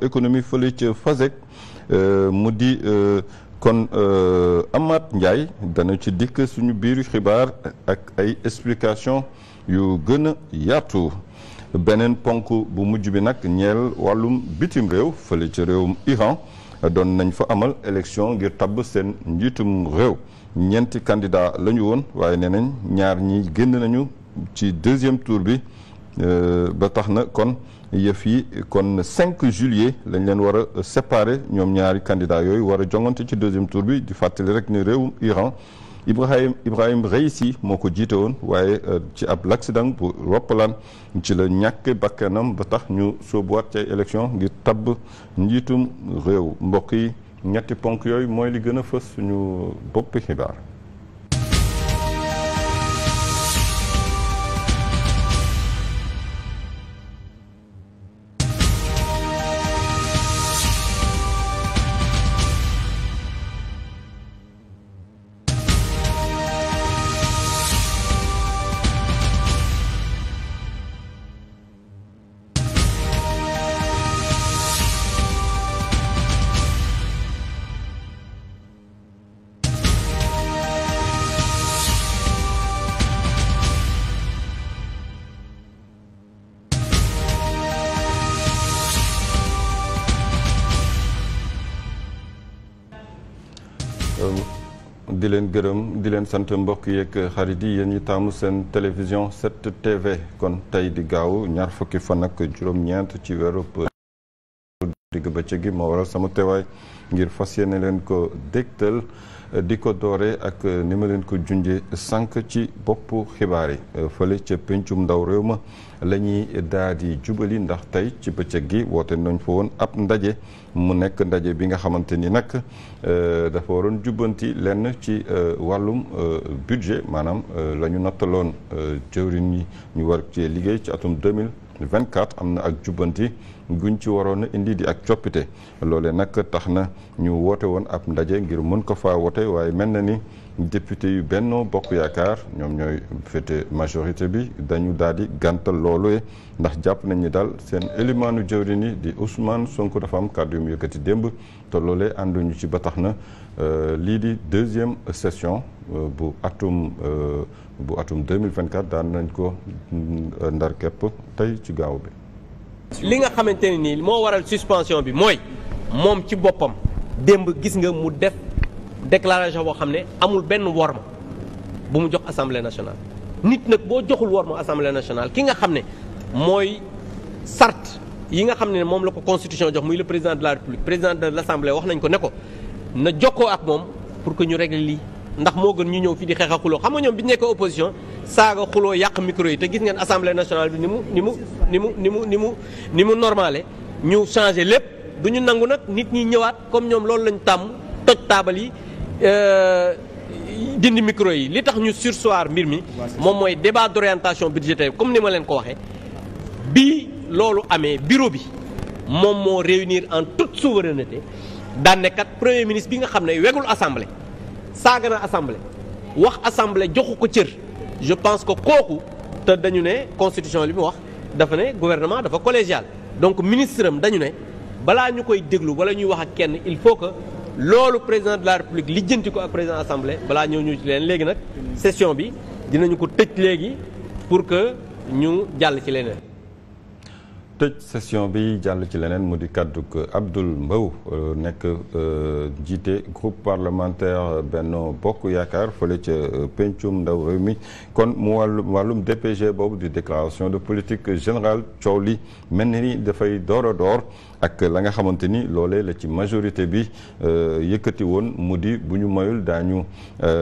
économie fële ca FASEG euh, mu di euh, kon euh, amaat Ndiaye dana ci dikk suñu biir xibaar ak ay explication yu gën a yaatu beneen ponk bu mujj bi nag ñeel wàllum bitim réew fële ca réewum Iran doon nañ fa amal élection ngir tabb seen njiitum réew ñeenti candidat la ñu woon waaye nee nañ ñaar ñi génn nañu ci deuxième tour bi ba tax na kon yëf yi kon 5 juillet lañ leen war a séparer ñoom ñaari candidat yooyu war a jongante ci deuxième tour bi di fàttali rek ne réewum Iran Ibrahim Ibrahim Raisi moo ko jiite woon waaye euh, ci ab l'accident bu roppalaan ci la ñàkk bakkanam ba tax ñu sóobuwaat ci ay ngir tabb njiitum réew mbokk yi ñetti ponk yooyu mooy li gën a fës suñu boppi xibaar di leen gërëm di leen sant mbokk yeeg xarit yi yéen ñi taamu seen télévision 7 TV kon tey di gaaw ñaar fukki fan ak juróom-ñeent ci weeru digg bëccëg gi moo waral sama teewaay ngir fas yéene leen ko dégtal. di ko dooree ak eh, ni ma leen ko junjee sànq ci boppu xibaar yi eh, fale ca pencum ndaw réew ma la ñuy daal di jubali ndax tey ci bëccëg gi woote nañ fa woon ab ndaje mu nekk ndaje bi nga xamante ni nag eh, dafa waroon jubbanti lenn ci wàllum budget maanaam la ñu nattaloon jëwrin yi ñu war cee liggéey ci atum 2024 am na ak jubbanti guñ ci waroon a indi di ak coppite loole nag tax na ñu woote woon ab ndaje ngir mën ko faa woote waaye mel na ni député yu Benno Bokk Yaakaar ñoom ñooy féete majorité bi dañu daal di gàntal loolu ndax jàpp nañ ni daal seen élimaanu jëwriñ yi di Ousmane Sonko dafa am kàddu yu mu yëkkati démb te loolee ànduñu ci ba tax na euh, lii di deuxième session euh, bu atum euh, bu atum 2024 daan nañ ko mm, ndar képp tey ci gaaw bi li nga xamante ne nii moo waral suspension bi mooy moom ci boppam démb gis nga mu def déclaration boo xam ne amul benn worma bu mu jox assemblée nationale. nit nag boo joxul worma assemblée nationale ki nga xam ne mooy sart yi nga xam ne moom la ko constitution jox muy le président de la république président de l' assemblée wax nañ ko ne ko na jox jokkoo ak moom pour que ñu régler lii ndax moo gën ñu ñëw fii di xeex xuloo xam nga ñoom bi ñu nekkee opposition. saaga xuloo yàq micro yi te gis ngeen assemblée nationale bi ni mu ni mu ni mu ni mu ni mu ni mu normalé ñu changé lépp du ñu nangu nag nit ñi ñëwaat comme ñoom loolu lañu tàmm toj taabal yi euh, dindi micro yi li tax ñu sursoir mbir mi moom mooy débat d'orientation budgétaire comme ni ma leen ko waxee bii loolu amee bureau bi moom moo réunir en toute souveraineté daanne kat premier ministre bi nga xam ne wegul assemblée saaga na assemblée wax assemblée joxu ko cër je pense que kooku te dañu ne constitution li mu wax dafa ne gouvernement dafa collégial donc ministre am dañu ne balaa ñu koy déglu wala ñuy wax ak kenn il faut que loolu président de la république lijjanti ko ak président assemblée balaa ñëw ñu ci leen léegi nag session bi dinañu ko tëj léegi pour que ñu jàll ci leneen. tëj session bi jàll ci leneen mu di kàddug Abdoul Mbow euh, nekk euh, jiite groupe parlementaire benn Bokk Yaakaar fole ca euh, pencum ndaw réew mi kon mu wàllu wàllum DPG boobu di déclaration de politique générale coow li mel ni dafay door a door ak la nga xamante ni loolee la ci majorité bi yëkkati woon mu di bu ñu mayul daañu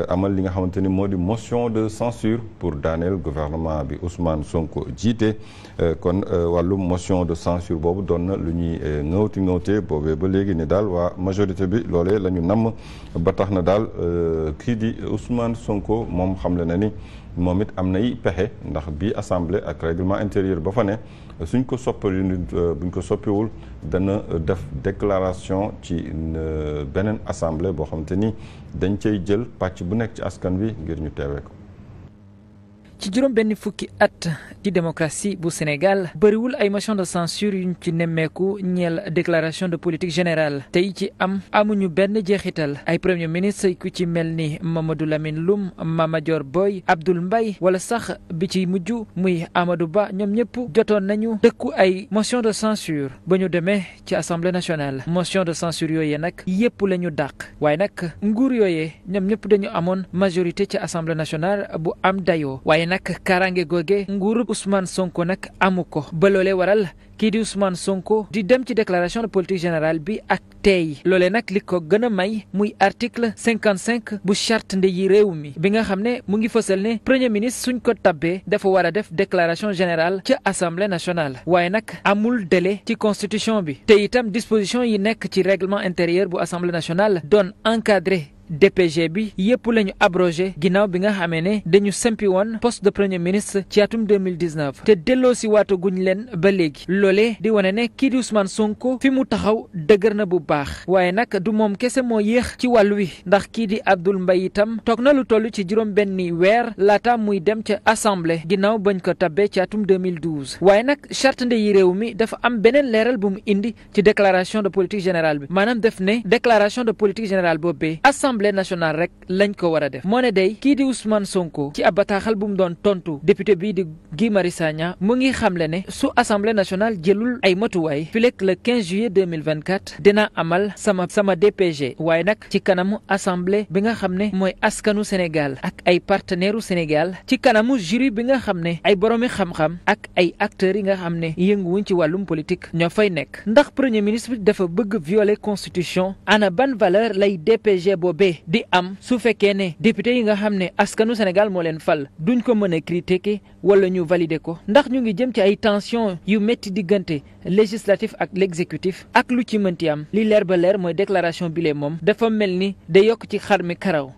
amal li nga xamante ni moo di motion de censure pour daaneel gouvernement bi Ousmane Sonko jiite kon wàllum motion motion de censure boobu doon na lu ñuy euh, ŋawti ŋawtee boobee ba léegi ne daal waa majorité bi loolee la ñu namm ba tax na daal euh, kii di Ousmane Sonko moom xamle na ni moom it am nay pexe ndax bii assemblée ak règlement intérieur ba fa ne suñ ko soppali euh, buñ ko soppiwul dana def déclaration ci beneen assemblée boo xamante ni dañ cay jël pàcc bu nekk ci askan wi ngir ñu teewee ko ci juróom benn fukki at ci démocratie bu Sénégal bëriwul ay motion de censure yuñ ci nemmeeku ñeel déclaration de politique générale tey ci am amuñu benn jeexital ay premier ministre ku ci mel ni Mamadou Lamine Loum Mama Dior Boy Abdoul mbay wala sax bi ci mujj muy amadu Ba ñoom ñëpp jotoon nañu dëkku ay motion de censure ba ñu demee ci assemblée nationale motion de censure yooyee nag yëpp la ñu dàq waaye nag nguur yooyee ñoom ñëpp dañu amoon majorité ci assemblée nationale bu am dayoo nag kaaraange googe nguurub Ousmane Sonko nag amu ko ba loolee waral kii di Ousmane Sonko di dem ci déclaration de politique général bi ak tey loole nag li ko gën a may muy article cinquante cinq bu charte nde ndeyi réew mi bi nga xam ne mu ngi fësal ne premier ministre suñ ko tabbee dafa war a def déclaration générale ca assemblée nationale waaye nag amul dele ci constitution bi te itam disposition yi nekk ci règlement intérieur bu assemblée nationale doon encadré DPG bi yépp la ñu abrogé ginnaaw bi nga xamee ne dañu sempi woon poste de premier ministre ci atum 2019 te delloo si waatu leen ba léegi loolee di wone ne kii di Ousmane Sonko fi mu taxaw dëgër na bu baax waaye nag du moom kese moo yéex ci wàll wi ndax kii di Abdoul mbay itam toog na lu toll ci juróom benni weer laata muy dem ca assemblée ginnaaw bañ ko tabbee ci atum 2012 waaye nag charte yi réew mi dafa am beneen leeral bu mu indi ci déclaration de politique générale bi maanaam def ne déclaration de politique générale boobee assemblée assemblée nationale rek lañ ko war moo ne day kii di Ousmane Sonko ci ab bataaxal mu doon tontu député bii di Guy Marius Sagna mu ngi xamle ne su assemblée nationale ay matuwaay fileek le 15 juillet 2024 dina amal sama sama DPG waaye nag ci kanamu assemblée bi nga xam ne mooy askanu Sénégal ak ay partenaires u Sénégal ci kanamu juri bi nga xam ne ay boromi xam-xam ak ay acteurs yi nga xam ne yënguwuñ ci wàllum politique ñoo fay nekk ndax premier ministre dafa bëgg violer constitution ana ban valeur lay DPG boobee loolee di am su fekkee ne député yi nga xam ne askanu Sénégal moo leen fal duñ ko mën a critiquer wala ñu valider ko ndax ñu ngi jëm ci ay tension yu métti diggante législatif ak l'exécutif ak lu ci mënti am li leer ba leer mooy déclaration bile moom dafa mel ni da yokk ci xar mi karaw.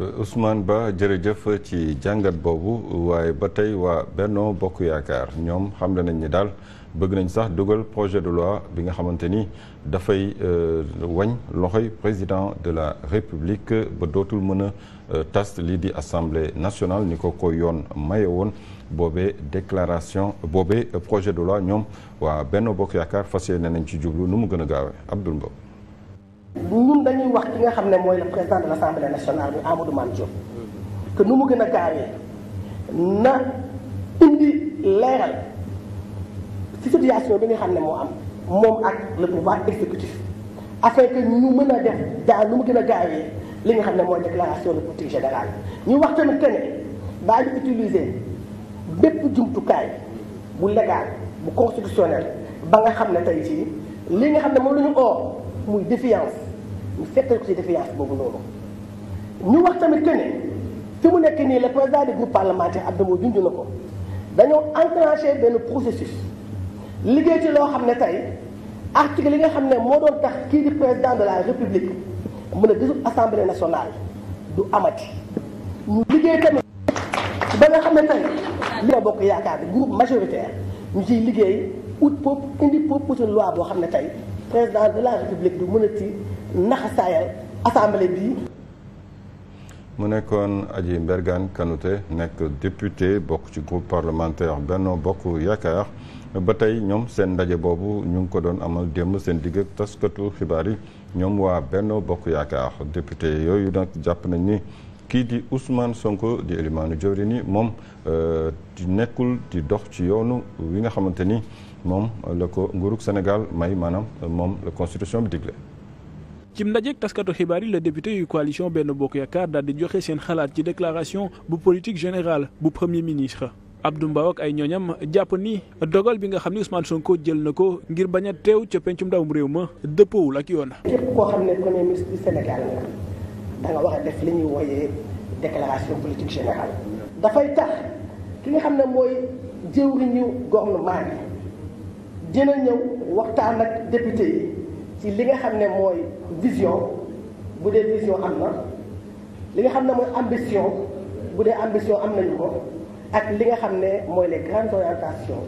Euh, Ousmane Ba jërëjëf ci jàngat boobu waaye ba tey waa Benno Bokk Yaakaar ñoom xam nañ ni daal bëgg nañ sax dugal projet de loi bi nga xamante ni. dafay euh, wañ loxoy président de la république ba dootul mën a euh, tas lii di assemblée nationale ni ko ko yoon maye woon boobee déclaration boobee projet de loi ñoom waa benn Bokk Yaakaar fas yéene nañ ci jublu nu mu gën a gaawee ab Mbow ñun xam ne mooy le nu mu gën a gaawee na indi leeral ci situation bi nga xam ne moo am moom ak le pouvoir exécutif afin que ñu mën a def daal nu mu gën a gaawee li nga xam ne mooy déclaration de politique générale ñu wax tamit que ne daañu utiliser bépp jumtukaay bu légal bu constitutionnel ba nga xam ne tey jii li nga xam ne moom la ñu oo muy défiance ñu fekk ko ci défiance boobu noonu ñu wax tamit que fi mu nekk nii le président du groupe parlementaire Abdou Mbow junj na ko dañoo enclenché benn processus. liggéey ci loo xam ne tey article li nga xam ne moo doon tax kii di président de la république mën a dissoudre assemblée nationale du amati ñu liggéey tamit ba nga xam ne tey li bokk yaakaar bi groupe majoritaire ñu ciy liggéey ut pop indi proposition de loi boo xam ne tey président de la république du mën a ci naxasaayal assemblée bi mu nekkoon Adji Mbergane Kanouté nekk député bokk ci groupe parlementaire Benno Bokk Yaakaar ba tey ñoom seen ndaje boobu ñu ngi ko doon amal démb seen digg ak taskatu xibaar yi ñoom waa Benno Bokk Yaakaar député yooyu nag jàpp nañ ni kii di Ousmane Sonko di Elimane Diourini moom euh, di nekkul di dox ci yoonu wi nga xamante ni moom la ko nguurug Sénégal may maanaam moom la constitution bi digle. cim ndajeek taskatu xibaar yi la député yu coalition benn bokk yaakaar daal di joxe seen xalaat ci déclaration bu politique générale bu premier ministre. Abdou Mbow ak ay ñooñam jàpp ni dogal bi nga xam ne Ousmane Sonko jël na ko ngir bañ a teew ca pencum mu réew ma dëppoowul ak yoon. képp koo xam ne premier ministre du Sénégal da nga war def li ñuy wooyee déclaration politique générale. dafay tax ki nga xam ne mooy jëwriñu gouvernement bi dina ñëw waxtaan ak député yi ci li nga xam ne mooy vision bu dee vision am na li nga xam ne mooy ambition bu dee ambition am nañu ko. ak li nga xam ne mooy les grandes orientations.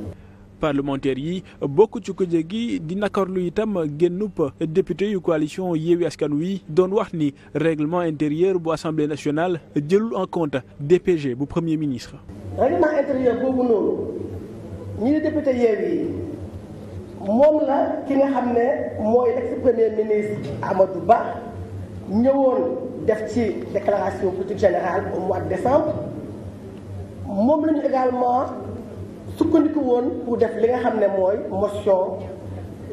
parlementaire yi bokk ci kuje gi di nakarlu itam génnup député yu coalition Yewwi Askan Wi doon wax ni règlement intérieur bu assemblée nationale jëlul en compte DPG bu premier ministre. règlement intérieur boobu noonu ñi di député Yewwi yi moom la ki nga xam ne mooy ex premier ministre Amadou Ba ñëwoon def ci déclaration politique générale au mois de décembre. moom lañu ñu également sukkandiku woon pour def li nga xam ne mooy motion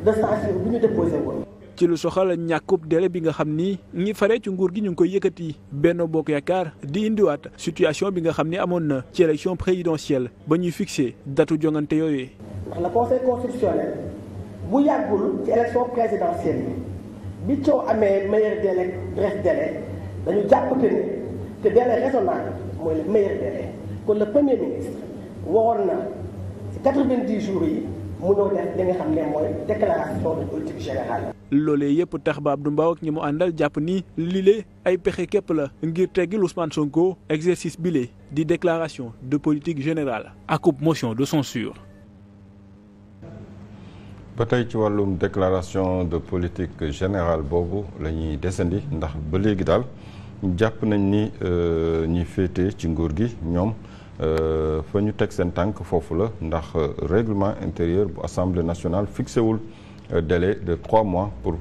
de censure bi ñu déposé woon. ci lu soxal ñàkkub délai bi nga xam ni ñi faree ci nguur gi ñu ngi koy yëkkati benn Bokk Yaakaar di indiwaat situation bi nga xam ni amoon na ci élection présidentielle ba ñuy fixé datu jongante yooyu. ndax le conseil constitutionnel bu yàggul ci élection présidentielle bi bi coow amee meilleur délai bref délai dañu jàpp que ni te délai raisonnable mooy le kon le premier ministre waxoon na ci yi mu ñëw def li xam ne mooy déclaration de politique générale. loolee yëpp tax ba Abdou Mbow ak ñi mu àndal jàpp ni lile ay pexe képp la ngir teggil Ousmane Sonko exercice bile di déclaration de politique général akub motion de censure. ba tey ci wàllum déclaration de politique général boobu la ñuy desandi ndax ba léegi daal. jàpp nañ ni euh, ñuy féete ci nguur gi ñoom euh, fa ñu teg seen tànk foofu la ndax euh, règlement intérieur bu assemblée nationale fixé wul délai de trois mois pour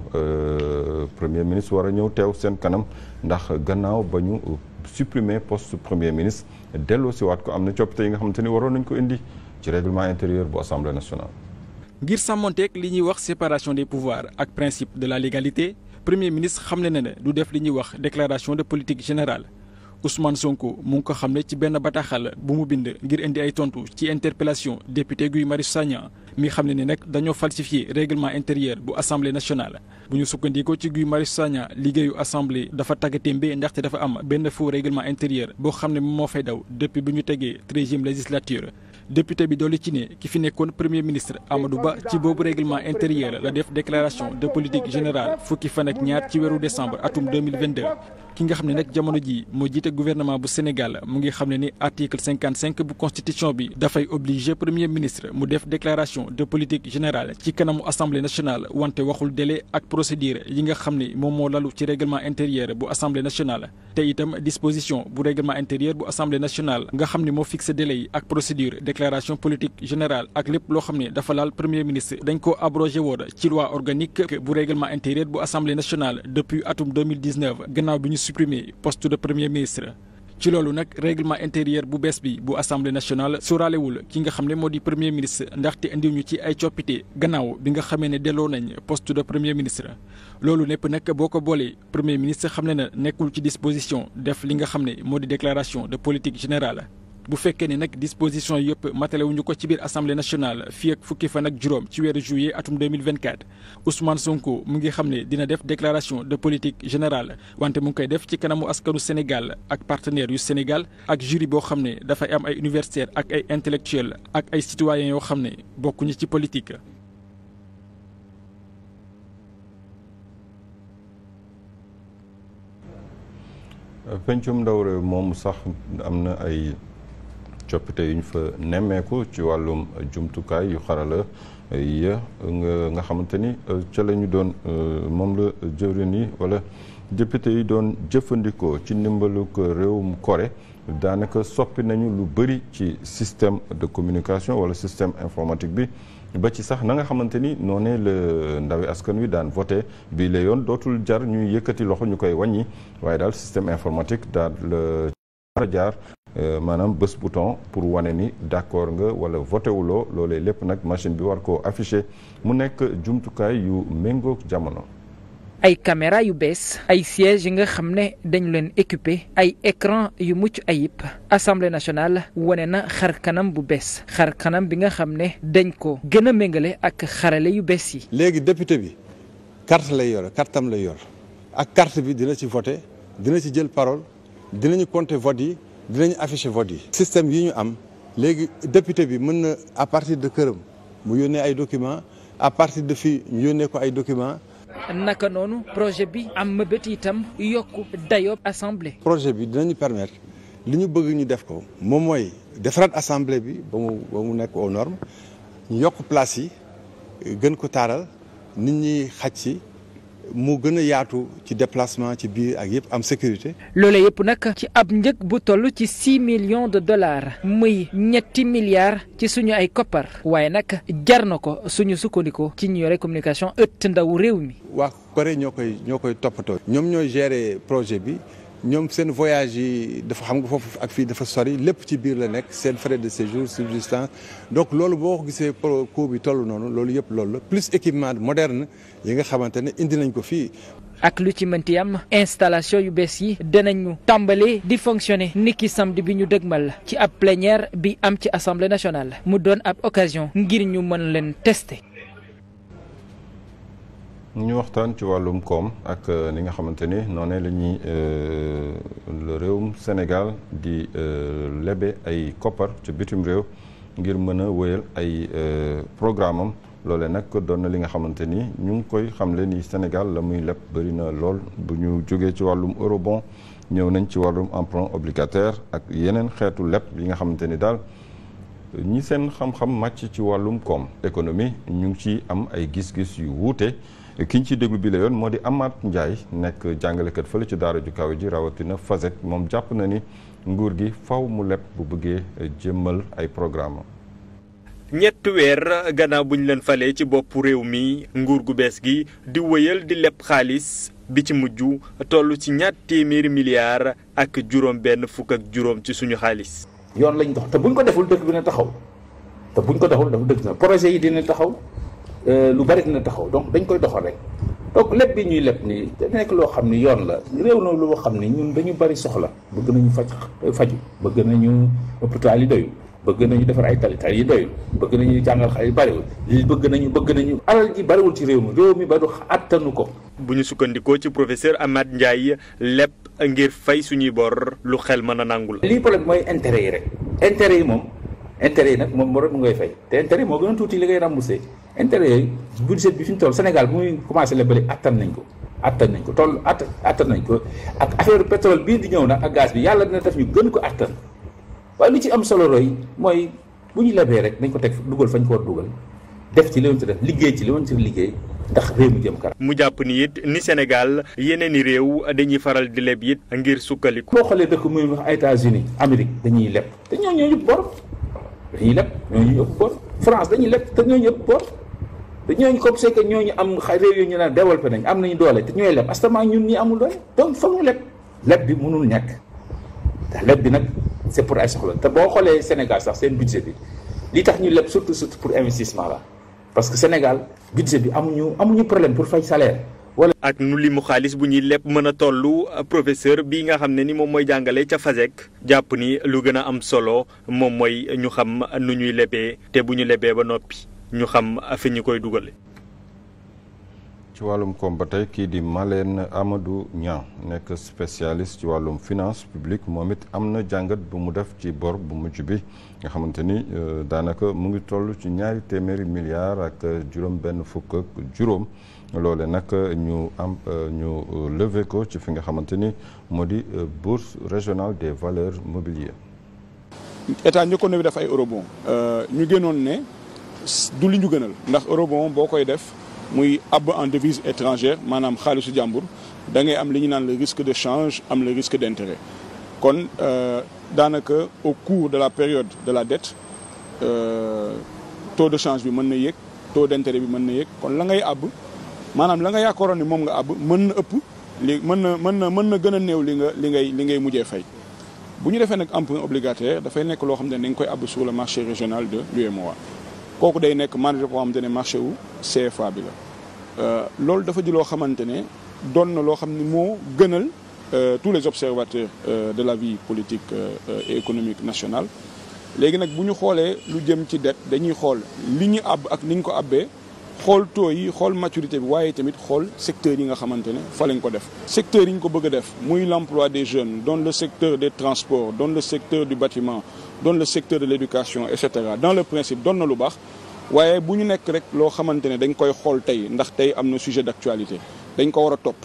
premier ministre war a ñëw teew seen kanam ndax gannaaw ba ñu supprimer poste premier ministre delloo si waat ko am na coppite yi nga xamante ni waroon nañ ko indi ci règlement intérieur bu assemblée nationale. ngir sàmmonteeg li ñuy wax séparation des pouvoirs ak principe de la légalité. premier ministre ne na ne du def li ñuy wax déclaration de politique générale Ousmane Sonko mu ngi ko ne ci benn bataaxal bu mu bind ngir indi ay tontu ci interpellation député Guy Marius Sagna mi xam ne ni nag dañoo falsifié règlement intérieur bu assemblée nationale. bu ñu sukkandikoo ci Guy Marius Sagna liggéeyu assemblée dafa tagg témbe ndaxte dafa am benn faux règlement intérieur boo xam ne moo fay daw depuis bu ñu tegee treizième législature. député bi dolli ci ne ki fi nekkoon premier ministre Amadou Ba ci boobu règlement intérieur la def déclaration de politique générale fukki fan ak ñaar ci weeru décembre atum 2022 ki nga xam ne nag jamono jii moo jiite gouvernement bu Sénégal mu ngi xam ne ni article cinquante cinq bu constitution bi dafay obligé premier ministre mu def déclaration de politique générale ci kanamu assemblée nationale wante waxul délai ak procédure yi nga xam ne moo lalu ci règlement intérieur bu assemblée nationale. te itam disposition bu règlement intérieur bu assemblée nationale nga xam ne moo fixé délai ak procédure déclaration politique générale ak lépp loo supprimer poste de premier ministre ci loolu nag règlement intérieur bu bees bi bu assemblée nationale sóoraalewul ki nga xam ne moo di premier ministre ndaxte indiw ñu ci ay coppite gannaaw bi nga xamee ne delloo nañ post de premier ministre. loolu lépp nag boo ko boolee premier ministre xam ne na nekkul ci disposition def li nga xam ne moo di déclaration de politique générale. bu fekkee ni nag disposition yëpp matale wuñu ko ci biir assemblée nationale fii ak fukki fan ak juróom ci weeru juillet atum 2024 Ousmane Sonko mu ngi xam ne dina def déclaration de politique générale wante mu ngi koy def ci kanamu askanu Sénégal ak partenaires yu Sénégal ak jury boo xam ne dafay am ay universitaires ak ay intellectuels ak ay citoyens yoo xam ne bokkuñu ci politique. pencum ndaw réew moom sax am na ay. coppite yu ñu fa nemmeeku ci wàllum jumtukaay yu xarala ya nga xamante ni euh, ca la ñu doon euh, moom la jëwrin yi wala député yi doon jëfandikoo ci ndimbaluk réewum Corée daanaka soppi nañu lu bëri ci système de communication wala système informatique bi ba ci sax na nga xamante ni noonee la ndawi askan wi daan voté bii la yoon dootul jar ñuy yëkkati loxo ñu koy wàññi waaye daal système informatique daal la jaar Euh, maanaam bés bouton pour wane ni d'accord nga wala voté wuloo loolee lépp nag machine bi war koo affiché mu nekk jumtukaay yu méngoog jamono. ay caméra yu bees ay sièges yi nga xam ne dañu leen équipé ay écran yu mucc ayib assemblée nationale wane na xar kanam bu bees xar kanam bi nga xam ne dañ ko gën a méngale ak xarale yu bees yi. léegi député bi carte lay yor cartam lay yor ak carte bi dina ci voté dina ci jël parole dinañu compter vote yi. dinañ afficher vote yi. système yi ñu am léegi député bi mën na à partir de këram mu yónnee ay documents à partir de fi ñu yónnee ko ay documents. naka noonu projet bi am mëbët itam yokk dayoo assemblée. projet bi dinañu permettre li ñu bëgg ñu def ko moom mooy defaraat assemblée bi ba mu ba mu nekk aux normes ñu yokk place yi gën ko taaral nit ñi xaj si. moo gën a yaatu ci déplacement ci biir ak yëpp am sécurité. loolee yëpp nag ci ab njëg bu toll ci six millions de dollars muy ñetti milliards ci suñu ay koppar waaye nag jar na ko suñu sukkandiku ci ñu yore communication ëtt ndaw réew mi. waa Corée ñoo koy ñoo koy toppatoo. ñoom ñooy gérer projet bi. ñoom seen voyage yi dafa xam nga foofu ak fii dafa sori lépp ci biir la nekk seen frais de séjour subsistance donc loolu boo ko gisee coût bi toll noonu loolu yëpp loolu la plus équipement moderne yi nga xamante ne indi nañ ko fii. ak lu ci mënti am installation yu bees yi danañu tàmbali di fonctionner niki samedi bi ñu dëgmal ci ab plénière bi am ci assemblée nationale mu doon ab occasion ngir ñu mën leen tester. ñu waxtaan ci wàllum koom ak euh, ni nga xamante ni noonee la ñuy euh, le réewum Sénégal di euh, lebe ay koppar ci bitim réew ngir mën a wëyal ay programme am loole nag doon na li nga xamante ni ñu ngi koy xamle ni Sénégal la muy leb bëri na lool bu ñu jógee ci wàllum eurobond ñëw nañ ci wàllum emprunt obligataire ak yeneen xeetu leb yi nga xamante ni daal ñi seen xam-xam màcc ci wàllum koom économie ñu ngi ciy am ay gis-gis yu wuute. ki ñu ciy bi la yoon moo di Amath Ndiaye nekk jàngalekat fële ci daara ju kaw ji rawatina Fazet moom jàpp na ni nguur gi faw mu leb bu bëggee jëmmal ay programme ñetti weer gannaaw bu ñu leen falee ci boppu réew mi nguur gu bees gi di wëyal di leb xaalis bi ci mujj toll ci ñaar téeméeri milliards ak juróom benn fukk ak juróom ci suñu xaalis. yoon lañu dox te buñ ko deful dëkk bi na taxaw te buñ ko deful daf dëkk na projet yi dina taxaw. Euh, lu bari dina taxaw donc dañ koy doxal rek donc lépp bi ñuy lépp nii da nekk loo xam ni yoon la réew na loo xam ni ñun dañu bari soxla bëgg nañu faj faju bëgg nañu hôpital yi doyu bëgg nañu defar ay tali tali yi doyul bëgg nañu jàngal xale yi bariwul li bëgg nañu bëgg nañu alal ji bariwul ci réew mi réew mi ba du attanu ko bu ñu sukkandikoo ci professeur Amath Ndiaye lépp ngir fay suñuy bor lu xel mën a nangu la lii problème mooy intérêt yi rek intérêt yi moom intérêt yi nag moom moo rek mu ngay fay te intérêt moo gën a tuuti li ngay remboursé intérêt yooyu budget bi fi ñu toll Sénégal bu muy commencé la bëri attan nañ ko attan nañ ko toll att attan nañ ko ak affaire pétrole bii di ñëw nag ak gaz bi yàlla dina def ñu gën ko attan waaye lu ci am solo roy mooy bu ñu lebee rek dañ ko teg dugal fañ ko war dugal def ci li woon def liggéey ci li woon liggéey ndax réew mi jëm kanam mu jàpp ni it ni Sénégal yeneen i réew dañuy faral di leb it ngir sukkandiku. boo xoolee dëkk muy wax États-Unis Amérique dañuy leb te ñoo ñoo ñëpp bor ñu ëpp bor France ñoo ñëpp te ñooñu comme c'est ñoo ñu am réew yu ñu naan développé nañ am nañu doole te ñooy leb astama ñun ñi amul doole donc foog ñu leb leb bi mënul ñàkk ndax leb bi nag c'est pour ay soxla te boo xoolee Sénégal sax seen budget bi li tax ñu leb surtout surtout pour investissement la parce que Sénégal budget bi amuñu amuñu problème pour fay salaire. wala ak nu limu xaalis bu ñuy lépp mën a toll professeur bi nga xam ne nii moom mooy jàngale ca FASEG jàpp ni lu gën a am solo moom mooy ñu xam nu ñuy lebee te bu ñu lebee ba noppi. ñu xam fi ñu koy dugale ci wàllum koom ba tey kii di maleen amadu Niang nekk spécialiste ci wàllum finance publique moom it am na jàngat bu mu def ci bor bu mujj bi nga xamante ni euh, daanaka mu ngi toll ci ñaari téeméeri milliards ak juróom benn fukk juróom loole nag ñu am euh, ñu lever ko ci fi nga xamante ni moo di euh, bourse régionale des valeurs mobilières. état ñi ko def ay eurobond ñu génnoon ne. du li ñu gënal ndax euro boo koy def muy ab en devise étrangère maanaam xaalisu jàmbur da ngay am li ñu naan le risque de change am le risque d'intérêt kon euh, daanaka au cours de la période de la dette euh, taux de change bi mën na yéeg taux d'intérêt bi mën na yéeg kon la ngay àbb maanaam la nga yaakaaroon ni moom nga àbb mën na ëpp li mën na mën na mën na gën a néew li nga li ngay li ngay mujjee fay bu ñu defee nag emprunt obligataire dafay nekk loo xam ne da nga koy àbb sur le régional de l'UEMOA kooku day nekk marge boo xamante ne marché wu CFA bi la euh, loolu dafa di loo xamante ne doon na loo xam ne moo gënal euh, tous les observateurs euh, de la vie politique et économique nationale léegi nag bu ñu xoolee lu jëm ci dette dañuy xool li ñu àbb ak ni ñu ko àbbee xool taux yi xool maturité bi waaye tamit xool secteurs yi nga xamante ne fa lañ ko def secteur yi ñu ko bëgg a def muy l'emploi des jeunes dans le secteur des transports dans le secteur du bâtiment dans le secteur de l'éducation et cetera dans le principe doon na lu baax waaye bu ñu nekk rek loo xamante ne dañ koy xool tey ndax tey am na sujet d'actualité dañ ko war a topp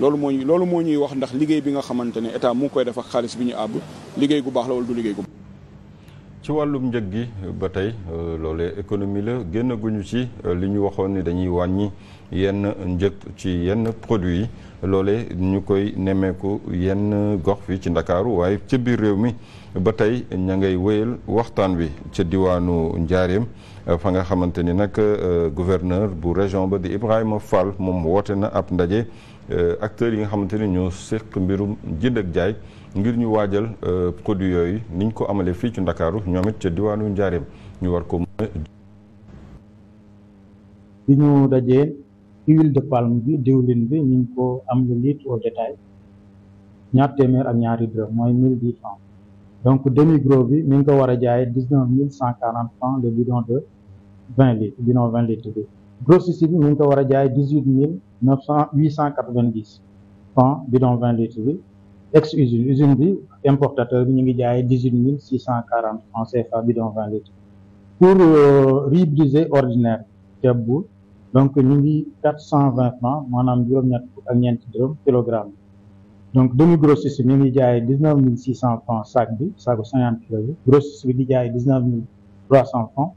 loolu moo ñu loolu moo ñuy wax ndax liggéey bi nga xamante ne état mu ngi koy def ak xaalis bi ñu àbb liggéey gu baax la wala du liggéey gu ci wàllum njëg gi ba tey euh, loole économie la génnaguñu ci euh, li ñu waxoon ni dañuy wàññi yenn njëg ci yenn produits yi loole ñu koy nemmeeku yenn gox fi ci ndakaaru waaye ca biir réew mi ba tey ña ngay wéyal waxtaan wi ca diwaanu njaareem euh, fa nga xamante ni nag gouverneur bu région ba di Ibrahima Fall moom woote na ab ndaje acteurs yi nga xamante ni ñoo séq mbirum jënd ak jaay ngir ñu waajal euh, produit yooyu niñ ko amalee fii ci Ndakaaru ñoom it ca diwaanu Njaareem ñu war ko bi ñu dajee huile de palme bi diwlin bi ñu ko am le litre au détail ñaar téeméer ak ñaari dërëm mooy mille dix francs donc demi gros bi mi ngi ko war a jaayee dix neuf mille cent quarante francs le bidon de vingt litres bidon vingt litres bi grossiste bi mi ko war a jaay dix huit mille neuf cent huit cent quatre vingt dix francs bidon vingt litres bi ex usine usine bi importateur bi ñu ngi jaayee dix huit mille six cent quarante francs CFA bidon vingt litres pour euh, riz donc ñu ngi quatre cent vingt maanaam ak ñeenti kilogramme donc demi grossiste bi ñu ngi jaayee dix neuf mille cent francs sac bi saaku cinquante kilo bi grossiste di jaayee dix neuf mille cent francs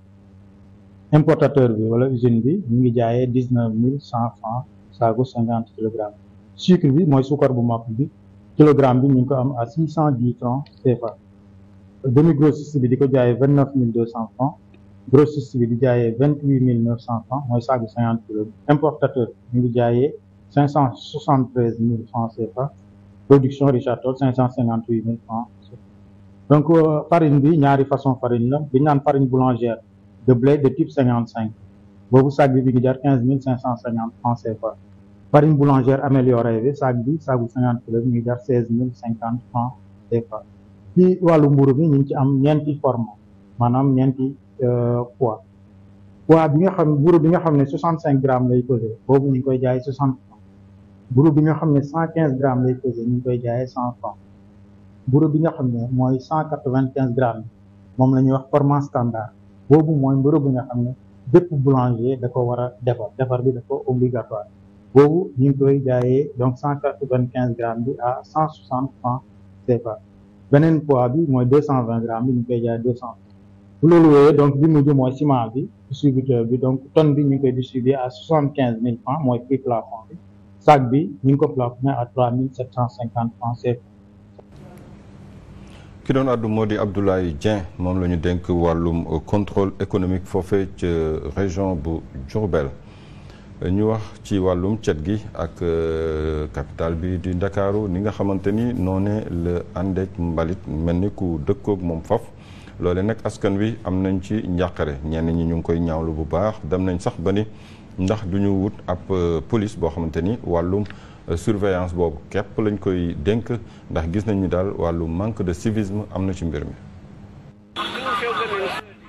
importateur bi wala usine bi ñu ngi jaayee dix neuf mille cent francs saaku cinquante kilogramme sucre bi mooy suukar bu mokk bi kilogramme bi ñu ngi ko am à six cent dix francs CFA demi grosse bi di ko jaayee vingt neuf mille deux cent bi di jaayee vingt huit mille neuf cent mooy saagu cinquante kilo importateur ñu ngi jaayee cinq cent soixante treize mille francs CFA production Richard Toll cinq cent cinquante euh, bi ñaari façon farine la bi ñu naan farine boulangère de blé de type cinquante cinq boobu saag bi bi ngi jar quinze mille cinq cent cinquante francs CFA farine boulangère améliorée bi saag bi saagu cinquante kilos bi ñuy jar seize mille cinquante francs CFA ci wàllu mburu bi ñu ngi ci am ñeenti forme maanaam ñeenti euh, poids poids bi nga xam mburu bi nga xam ne soixante cinq grammes lay pesé boobu ñu ngi koy jaay soixante francs bi nga xam ne cent quinze grammes lay pesé koy jaayee cent francs bi nga xam ne mooy cent quatre vingt quinze grammes moom la ñuy wax format standard boobu mooy mburu bi nga xam ne bépp boulanger da ko war a defar defar bi da ko obligatoire boobu ñu ngi koy jaayee donc cent vingt quinze grammes bi à cent soixante francs CFA beneen poids bi mooy deux cent vingt grammes bi ñu ngi koy jaayee deux bu loolu wooyee donc bi mujj mooy ciment bi distributeur bi donc tonne bi ñu ngi koy distribuer à soixante-quinze mille francs mooy prix bi sac bi ñu ngi ko la à trois mille sept cent cinquante francs CFA ki doon àddu moo di Abdoulaye moom la ñu dénk wàllum contrôle économique foofee ca région bu Diourbel ñu wax ci wàllum cet gi ak euh, capital bi di ndakaaru ni nga xamante ni noonee la àndeek mbalit mel ni ku dëkkook moom faf loole nag askan wi am nañ ci njàqare ñenn ñi ñu ngi koy ñaawlu bu baax dem nañ sax ba ni ndax du ñu wut ab euh, police boo xamante ni wàllum euh, surveillance boobu képp lañ koy dénk ndax gis nañ ni daal wàllu manque de civisme am na ci mbir mi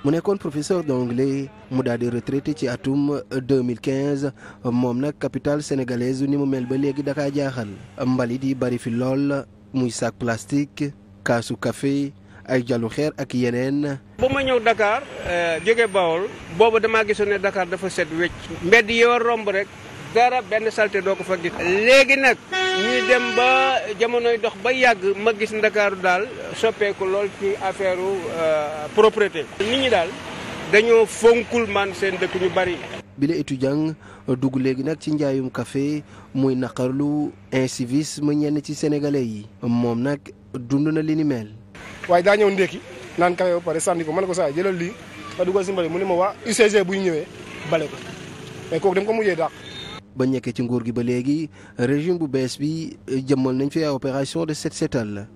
mu nekkoon professeur d'anglais mu daal di retraité ci atum 2015 moom nag capital sénégalaise ni mu mel ba léegi dakaa jaaxal mbalit yi bari fi lool muy sac plastique kaasu café ay jalu xeer ak yeneen. bu ma ñëw Dakar eh, jóge Bawol boobu damaa gisoon ne Dakar dafa set wécc. mbedd yoo romb rek. dara benn salte doo ko fa gis léegi nag ñuy dem ba jamonoy dox ba yàgg ma gis ndakaaru daal soppeeku lool ci affaire euh, propreté nit ñi daal dañoo fonkul man seen dëkk ñu bari bi la étudiant dugg léegi nag ci njaayum café muy lu naqarlu incivisme ñenn ci sénégalais yi moom nag dund na li ni mel waaye daa ñëw ndékki naan café ba pare sànni ko mën ko saa jëlal lii nga dugal si mbari mu ne ma waa UCG buy ñëwee bale ko mais kooku dem ko mujjee dàq ba ñekkee ci nguur gi ba léegi régime bu bees bi eh, jëmmal nañ fi ay opération de set setal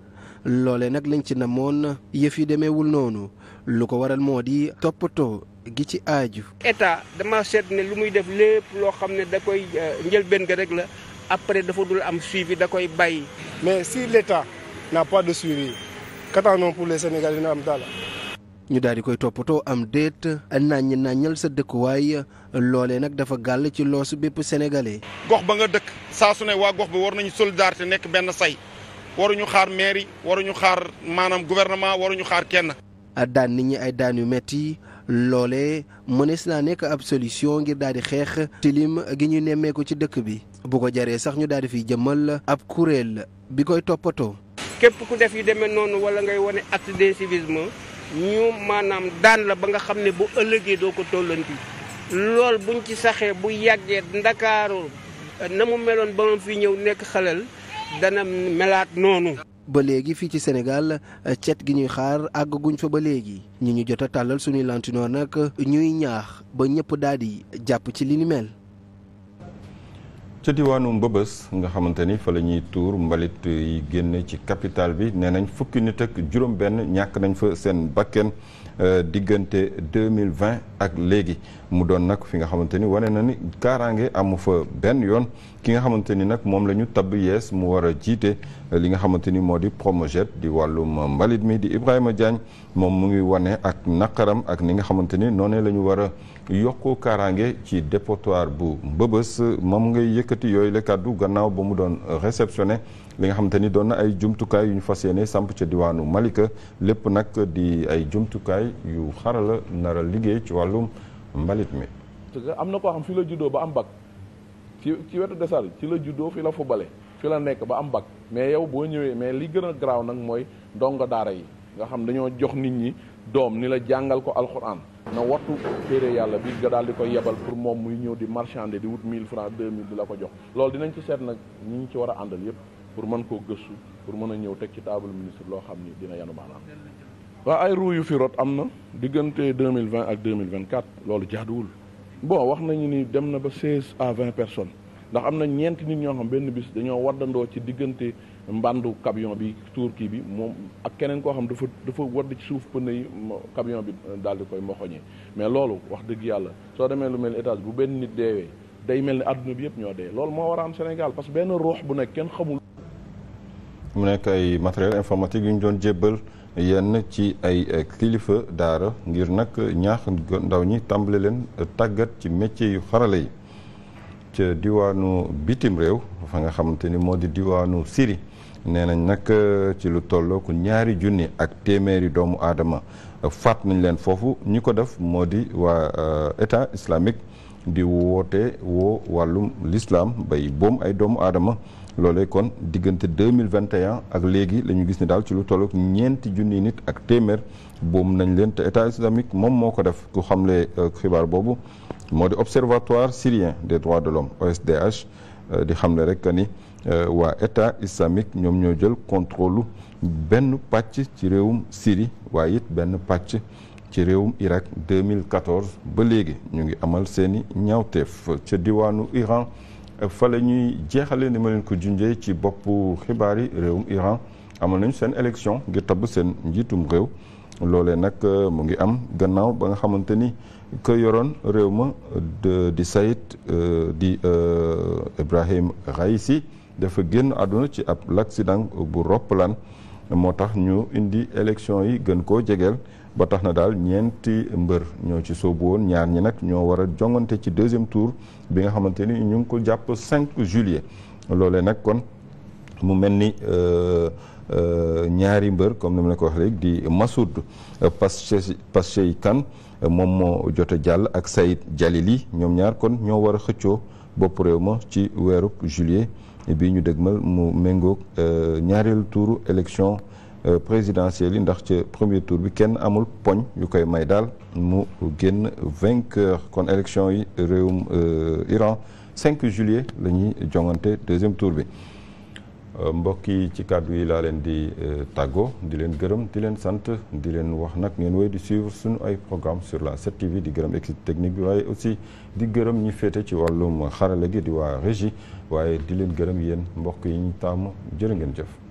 loole nag lañ ci namoon yëf yi demeewul noonu lu ko waral moo di toppatoo gi ci aaju. état dama seet ne lu muy def lépp loo xam ne da koy eh, njëlbeen ga rek la après dafa dul am suivi da koy bàyyi. mais si l' état n' a pas de suivi qu'attendons pour les Sénégalais dina am daal. ñu daal di koy toppatoo am déet naññ naññal sa dëkkuwaay loolee nag dafa gàll ci loosu bépp sénégalais. gox ba nga dëkk saa su ne waa gox bi war nañu solidarité nekk benn say waruñu xaar mairie waruñu xaar maanaam gouvernement waruñu xaar kenn. daan nit ñi ay daan yu metti loolee mënees naa nekk ab solution ngir daal di xeex tilim gi ñu nemmeeku ci dëkk bi bu ko jaree sax ñu daal di fiy jëmmal ab kuréel bi koy toppatoo. képp ku def yu demee noonu wala ngay wane acte ñu maanaam daan la ba nga xam ne bu ëllëgee doo ko tollanti loolu buñ ci saxee bu yàggee ndakaaru eh, na mu meloon ba mu fi ñëw nekk xalal dana melaat noonu. ba léegi fii ci Sénégal eh, cet gi ñuy xaar àgguñ fa ba léegi ñi ñu jot a tàllal suñuy lantinoor nag eh, ñuy ñaax ba ñëpp daal di jàpp ci li ni mel. ca diwaanu Mbëbës nga xamante ni fa la ñuy tuur mbalit yi génn ci capital bi nee nañ fukki nit ak juróom-benn ñàkk nañ fa seen bakken euh, diggante deux mille vingt ak léegi mu doon nag fi nga xamante ni wane na ni kaaraange amu fa benn yoon ki nga xamante ni nag moom la ñu tabb yees mu war a jiite euh, li nga xamante ni moo di Promojet di wàllum mbalit mi di Ibrahima Diagne moom mu ngi wane ak naqaram ak ni nga xamante ni noonee la ñu war a. yokkoo kaaraange ci dépotoir bu mbëbës moom ngay yëkkati yooyu la kàddu gannaaw ba mu doon réceptionné li nga xamante ni doon na ay jumtukaay yu ñu fas yéene samp ca diwaanu Malika lépp nag di ay jumtukaay yu xarala nar liggéey ci wàllum mbalit mi. parce am na koo xam fi la juddoo ba am bac ci ci wetu desar ci la juddoo fii la fubale fi la nekk ba am bac mais yow boo ñëwee mais li gën a garaaw nag mooy ndongo daara yi nga xam dañoo jox nit ñi. doom ni la jàngal ko alxuraan na wattu téere yàlla bi nga daal di koy yebal pour moom muy ñëw di marchander di wut 1000 francs 2000 di la ko jox loolu dinañ ci seet nag ñi ñu ci war a àndal yëpp pour mën koo gëstu pour mën a ñëw teg ci table ministre loo xam ni dina yanu maanaam waa ay ruu yu fi rot am na diggante 2020 ak mil vingt 2024 loolu jaaduwul boo wax nañu ni dem na ba 16 à vingt personnes ndax am na ñeenti nit ñoo xam benn bis dañoo waddandoo ci diggante mbandu cabion bi tuur kii bi moom ak keneen koo xam dafa dafa wadd ci suuf pneu yi camion bi euh, daal di koy moxoñee mais loolu wax dëgg yàlla soo demee lu mel ni étage bu benn nit deewee day mel ni àdduna bi yëpp ñoo dee loolu moo war a am Sénégal benn ruux bu nekk kenn xamul. mu nekk ay matériel informatique yu ñu doon jébbal yenn ci ay euh, kilifa daara ngir nag ñaax ndaw ñi tàmbale leen euh, tàggat ci métier yu xarala yi ca diwaanu bitim réew fa nga xamante ni moo di diwaanu Syrie. nee nañ nag euh, ci lu tollooku ñaari junni ak téeméeri doomu aadama euh, faat nañ leen foofu ñi ko def moo di waa euh, état islamique di woote woo wàllum l'islam bay boom ay doomu aadama loolee kon diggante deux mille vingt et ak léegi la ñu gis ni daal ci lu tollooku ñeenti junni nit ak téeméer boom nañ leen te état islamique moom moo ko def ku xamle xibaar boobu moo di observatoire syrien de droits de l'homme OSDH di xamle rek ni Euh, waa état islamique ñoom ñoo jël contrôle benn pàcc ci réewum Syrie waaye it benn pàcc ci réewum Irak 2014 ba léegi ñu ngi amal seeni ñaawteef ca diwaanu Iran fa la ñuy jeexale ni ma leen ko junjee ci boppu xibaar yi réewum Iran amal nañu seen élection ngir tabb seen njiitum réew loolee nag euh, mu ngi am gannaaw ba nga xamante ni ko yoroon réew ma euh, di Saïd di Ibrahim Raisi dafa génn àdduna ci ab l'accident bu roppalaan moo tax ñu indi élection yi gën koo jegeel ba tax na daal ñeenti mbër ñoo ci soobu woon ñaar ñi nag ñoo war a jongante ci deuxième tour bi nga xamante ni ñu ngi ko jàpp 5 juillet loolee nag kon mu mel ni euh, euh, ñaari mbër comme ni ma la ko wax léegi di Massoud euh, Pache Pache Kane moom moo jot a jàll ak Saïd Jalili ñoom ñaar kon ñoo war a xëccoo bopp réew ma ci weeru juillet bii ñu dëgmal mu méngoog euh, ñaareelu tour élection euh, présidentielle yi ndax ca premier tour bi kenn amul poñ yu koy may daal mu génn vainqueur kon élection yi réewum euh, Iran 5 juillet la ñuy jongante deuxième tour bi mbokk yi ci kàddu yi laa leen di tàggoo di leen gërëm di leen sant di leen wax nag ngeen wéy di suivre suñu ay programme sur la 7TV di gërëm équipe technique bi waaye aussi di gërëm ñi féete ci wàllum xarala gi di waa régie waaye di leen gërëm yéen mbokk yi ñu tàmm jërë ngeen jëf